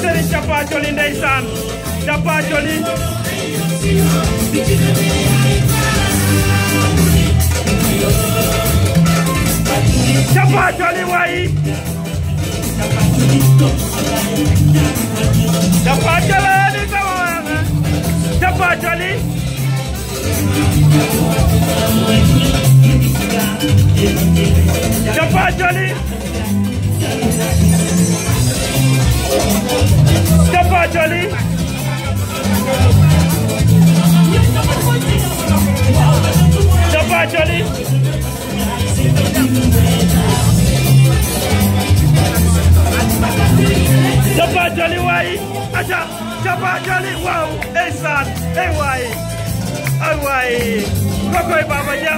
Serigne Capa Joli ndeysaan Capa Joli Capa Joli waay Capa Joli tawana Capa Joli Jolie. Jumper Jolie. Jumper Jolie waay aja Jumper Jolie waaw ndeysaan ay waay ay waay kookoy Baba Dia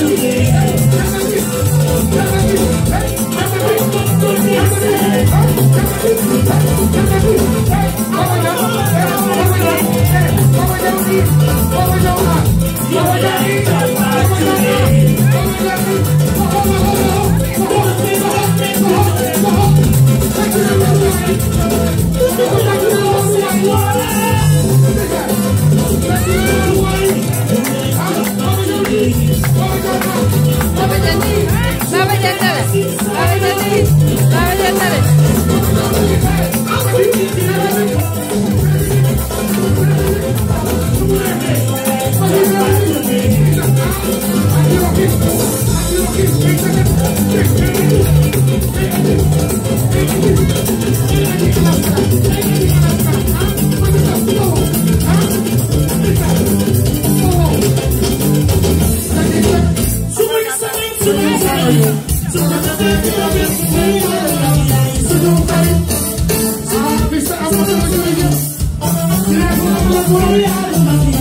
Yeah. Mr. I'm gonna do it again.